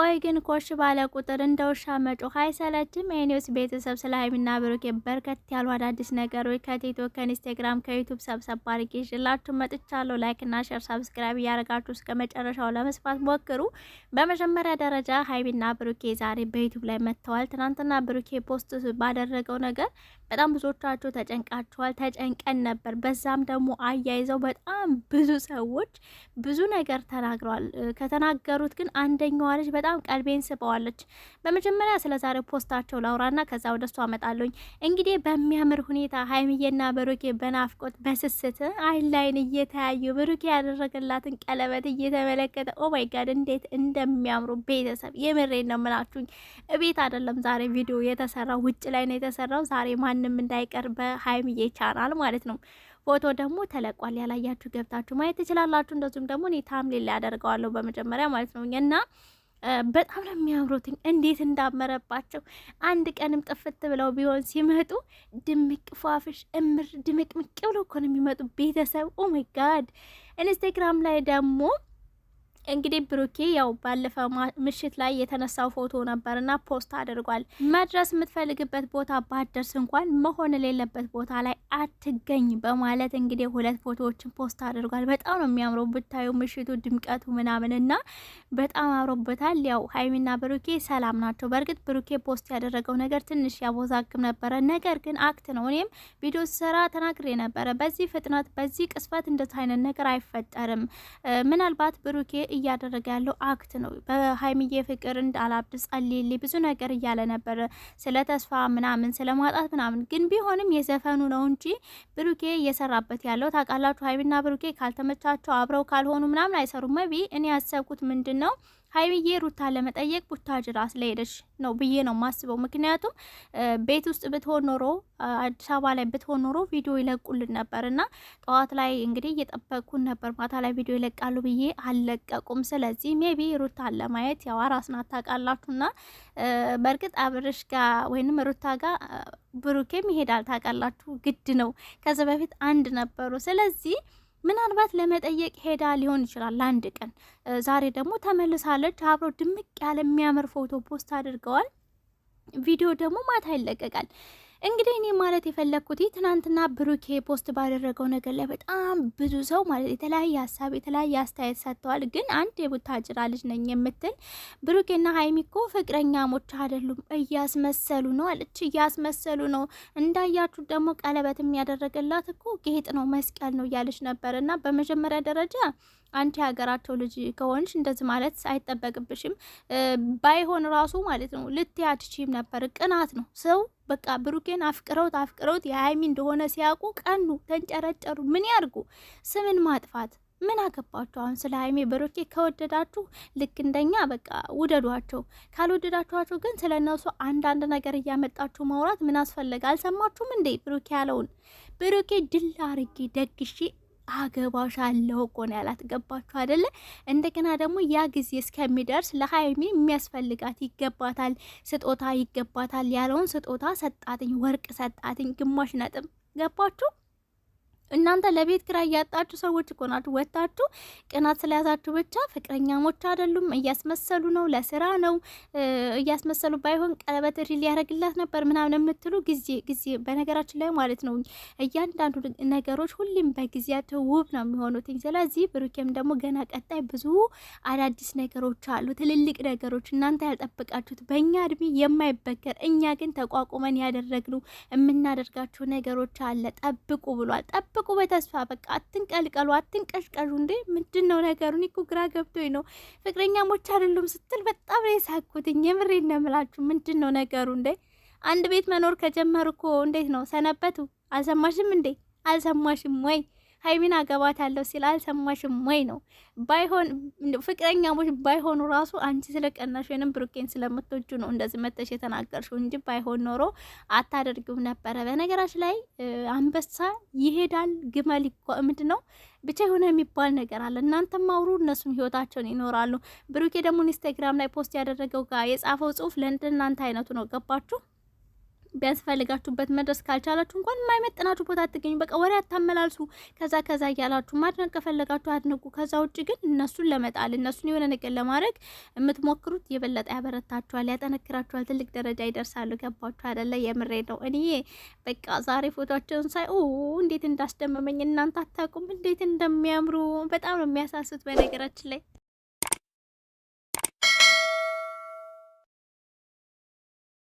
ቆይ ግን ኮሽ ባለ ቁጥር እንደ ውሻ መጮህ አይሰለችም? የኒውስ ቤተሰብ ስለ ሀይሚና ብሩኬ በርከት ያሉ አዳዲስ ነገሮች ከቲክቶክ፣ ከኢንስታግራም፣ ከዩቱብ ሰብሰብ አድርጌ ይዤላችሁ መጥቻለሁ። ላይክና ሸር፣ ሳብስክራይብ እያደረጋችሁ እስከ መጨረሻው ለመስፋት ሞክሩ። በመጀመሪያ ደረጃ ሀይሚና ብሩኬ ዛሬ በዩቱብ ላይ መጥተዋል። ትናንትና ብሩኬ ፖስት ባደረገው ነገር በጣም ብዙዎቻቸው ተጨንቃቸዋል፣ ተጨንቀን ነበር። በዛም ደግሞ አያይዘው በጣም ብዙ ሰዎች ብዙ ነገር ተናግረዋል። ከተናገሩት ግን አንደኛዋ ልጅ በጣም ቀልቤን ስበዋለች። በመጀመሪያ ስለ ዛሬ ፖስታቸው ላውራና ከዛ ወደ እሷ አመጣለሁኝ። እንግዲህ በሚያምር ሁኔታ ሀይምዬና ብሩኬ በናፍቆት በስስት አይን ላይን እየተያዩ ብሩኬ ያደረገላትን ቀለበት እየተመለከተ ኦ ማይ ጋድ እንዴት እንደሚያምሩ ቤተሰብ፣ የምሬን ነው ምላችሁኝ። እቤት አይደለም ዛሬ ቪዲዮ የተሰራው ውጭ ላይ ነው የተሰራው ዛሬ ማን ማንም እንዳይቀር በሀይሚዬ ቻናል ማለት ነው። ፎቶ ደግሞ ተለቋል። ያላያችሁ ገብታችሁ ማየት ትችላላችሁ። እንደዚሁም ደግሞ እኔ ታምሌል ያደርገዋለሁ በመጀመሪያ ማለት ነው እና በጣም ነው የሚያምሩትኝ። እንዴት እንዳመረባቸው አንድ ቀንም ጥፍት ብለው ቢሆን ሲመጡ ድምቅ ፏፍሽ እምር ድምቅ ምቅ ብለው እኮ ነው የሚመጡ ቤተሰብ። ኦ ማይ ጋድ ኢንስታግራም ላይ ደግሞ እንግዲህ ብሩኬ ያው ባለፈው ምሽት ላይ የተነሳው ፎቶ ነበርና ፖስት አድርጓል። መድረስ የምትፈልግበት ቦታ ባደርስ እንኳን መሆን የሌለበት ቦታ ላይ አትገኝ በማለት እንግዲህ ሁለት ፎቶዎችን ፖስት አድርጓል። በጣም ነው የሚያምረው ብታዩ፣ ምሽቱ ድምቀቱ ምናምን እና በጣም አምሮበታል። ያው ሀይሚና ብሩኬ ሰላም ናቸው። በእርግጥ ብሩኬ ፖስት ያደረገው ነገር ትንሽ ያቦዛግም ነበረ፣ ነገር ግን አክት ነው። እኔም ቪዲዮ ስራ ተናግሬ ነበረ። በዚህ ፍጥነት በዚህ ቅስፈት እንደት አይነት ነገር አይፈጠርም። ምናልባት ብሩኬ እያደረገ ያለው አክት ነው። በሀይሚዬ ፍቅር እንዳላብድ ጸልይልኝ ብዙ ነገር እያለ ነበር፣ ስለ ተስፋ ምናምን ስለ ማጣት ምናምን። ግን ቢሆንም የዘፈኑ ነው እንጂ ብሩኬ እየሰራበት ያለው ታውቃላችሁ። ሀይሚና ብሩኬ ካልተመቻቸው አብረው ካልሆኑ ምናምን አይሰሩም። መቢ እኔ ያሰብኩት ምንድን ነው ሀይሚዬ ሩታ ለመጠየቅ ቡታጅራ ስለሄደች ነው ብዬ ነው ማስበው። ምክንያቱም ቤት ውስጥ ብትሆን ኖሮ አዲስ አበባ ላይ ብትሆን ኖሮ ቪዲዮ ይለቁልን ነበር እና ጠዋት ላይ እንግዲህ እየጠበቅኩን ነበር ማታ ላይ ቪዲዮ ይለቃሉ ብዬ አልለቀቁም። ስለዚህ ሜቢ ሩታን ለማየት ያው ራስን አታውቃላችሁና በእርግጥ አብርሽ ጋር ወይንም ሩታ ጋር ብሩኬም ይሄዳል ታውቃላችሁ፣ ግድ ነው። ከዚህ በፊት አንድ ነበሩ። ስለዚህ ምናልባት ለመጠየቅ ሄዳ ሊሆን ይችላል። ለአንድ ቀን ዛሬ ደግሞ ተመልሳለች። አብሮ ድምቅ ያለ የሚያምር ፎቶ ፖስት አድርገዋል። ቪዲዮ ደግሞ ማታ ይለቀቃል። እንግዲህ እኔ ማለት የፈለግኩት ትናንትና ብሩኬ ፖስት ባደረገው ነገር ላይ በጣም ብዙ ሰው ማለት የተለያየ ሀሳብ የተለያየ አስተያየት ሰጥተዋል። ግን አንድ የቡታጅራ ልጅ ነኝ የምትል ብሩኬና ሀይሚ እኮ ሞች አይደሉም እያስመሰሉ ነው አለች። እያስመሰሉ ነው እንዳያችሁ ደግሞ ቀለበት የሚያደረገላት እኮ ጌጥ ነው መስቀል ነው እያለች ነበር። እና በመጀመሪያ ደረጃ አንቺ ሀገራቸው ልጅ ከሆንሽ እንደዚህ ማለት አይጠበቅብሽም። ባይሆን ራሱ ማለት ነው ልትያድችም ነበር። ቅናት ነው ሰው በቃ ብሩኬን አፍቅረውት አፍቅረውት የሀይሚ እንደሆነ ሲያውቁ ቀኑ ተንጨረጨሩ። ምን ያርጉ? ስምን ማጥፋት ምን አገባችሁ? አሁን ስለ ሀይሜ ብሩኬ ከወደዳችሁ ልክ እንደኛ በቃ ውደዷቸው። ካልወደዳችኋቸው ግን ስለ እነሱ አንዳንድ ነገር እያመጣችሁ ማውራት ምን አስፈለገ? አልሰማችሁም እንዴ ብሩኬ ያለውን? ብሩኬ ድል አርጌ ደግሼ አገባሽ እኮ ነው ያላት። ገባችሁ አይደለ? እንደገና ደግሞ ያ ጊዜ እስከሚደርስ ለሀይሚ የሚያስፈልጋት ይገባታል፣ ስጦታ ይገባታል ያለውን ስጦታ ሰጣትኝ፣ ወርቅ ሰጣትኝ፣ ግማሽ ነጥብ ገባችሁ። እናንተ ለቤት ክራ ያጣችሁ ሰዎች እኮ ናችሁ። ወታችሁ ቅናት ስለያዛችሁ ብቻ ፍቅረኛሞች አይደሉም፣ እያስመሰሉ ነው፣ ለስራ ነው እያስመሰሉ። ባይሆን ቀለበት ሊያደርግላት ነበር ምናምን የምትሉ ጊዜ ጊዜ በነገራችን ላይ ማለት ነው። እያንዳንዱ ነገሮች ሁሌም በጊዜያቸው ውብ ነው የሚሆኑት። ስለዚህ ብሩኬም ደግሞ ገና ቀጣይ ብዙ አዳዲስ ነገሮች አሉ፣ ትልልቅ ነገሮች እናንተ ያልጠበቃችሁት በእኛ እድሜ የማይበገር እኛ ግን ተቋቁመን ያደረግነው የምናደርጋቸው ነገሮች አለ። ጠብቁ ብሏል። ጠብቁ ጠብቁ በተስፋ በቃ አትንቀልቀሉ፣ አትንቀሽቀሹ። እንዴ ምንድን ነው ነገሩ? እኔ እኮ ግራ ገብቶኝ ነው። ፍቅረኛ ሞች አይደሉም ስትል በጣም ነው የሳኩትኝ። የምሬን ነው የምላችሁ። ምንድን ነው ነገሩ? እንዴ አንድ ቤት መኖር ከጀመሩ እኮ እንዴት ነው ሰነበቱ? አልሰማሽም እንዴ? አልሰማሽም ወይ? ሀይሚን አገባታለሁ ሲል አልሰማሽም ወይ ነው? ባይሆን ፍቅረኛሞች ባይሆኑ ራሱ አንቺ ስለቀናሽ ወይንም ብሩኬን ስለምትወጁ ነው እንደዚህ መተሽ የተናገርሽው እንጂ ባይሆን ኖሮ አታደርጊውም ነበረ። በነገራች ላይ አንበሳ ይሄዳል ግመል ምንድን ነው ብቻ የሆነ የሚባል ነገር አለ። እናንተም አውሩ፣ እነሱም ህይወታቸውን ይኖራሉ። ብሩኬ ደግሞ ኢንስታግራም ላይ ፖስት ያደረገው ጋር የጻፈው ጽሁፍ ለእንደ እናንተ አይነቱ ነው። ገባችሁ? ቢያስፈልጋችሁበት መድረስ ካልቻላችሁ እንኳን የማይመጥናችሁ ቦታ አትገኙ። በቃ ወሬ አታመላልሱ። ከዛ ከዛ እያላችሁ ማድነቅ ከፈለጋችሁ አድንቁ። ከዛ ውጭ ግን እነሱን ለመጣል እነሱን የሆነ ነገር ለማድረግ የምትሞክሩት የበለጠ ያበረታችኋል፣ ያጠነክራችኋል፣ ትልቅ ደረጃ ይደርሳሉ። ገባችሁ አደለ? የምሬ ነው። እኔ በቃ ዛሬ ፎቶቸውን ሳይ እንዴት እንዳስደመመኝ እናንተ አታውቁም፣ እንዴት እንደሚያምሩ በጣም ነው የሚያሳስት በነገራችን ላይ